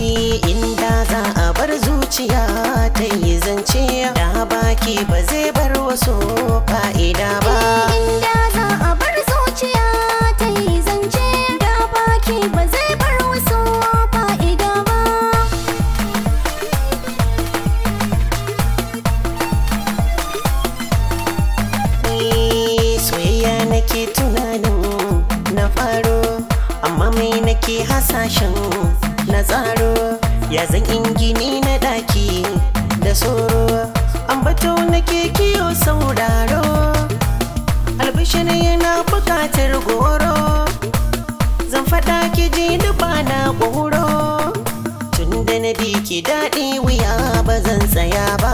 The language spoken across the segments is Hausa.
inda za a bar zuciya ta yi zance da baki ba zai bar wasu fa'ida ba inda za a bar zuciya ta yi zance da baki ba zai bar wasu fa'ida ba soyayya nake tunanin na faro amma mai nake hasashen na tsaro ya zan ingini na daki da tsoro ambato na ke kiyo sauraro albishin yana bukatar goro zan fada ki ji da bana goro tun da na ki daɗi wuya ba zan tsaya ba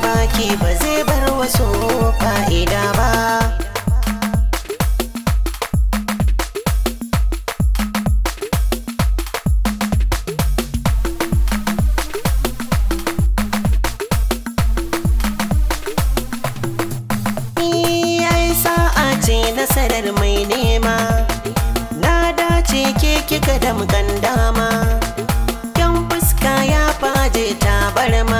baki ba zai bar wasu fa'ida ba ce nasarar mai nema na dace ke kika da mukan dama Kyan fuska ya faje tabarma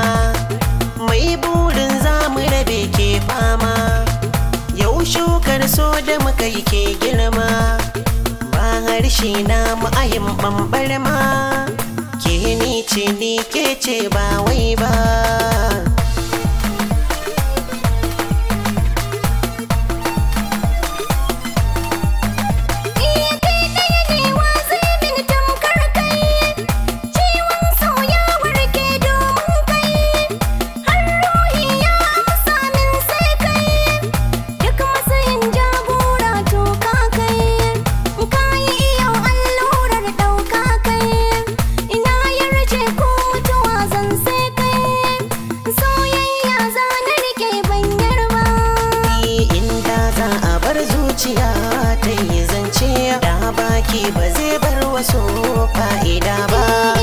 so da muka yi ke girma ba harshe na ma'ayin bambar ma ke ni ce ni ke ce ba wai ba Ki ba zai bar wasu fa'ida ba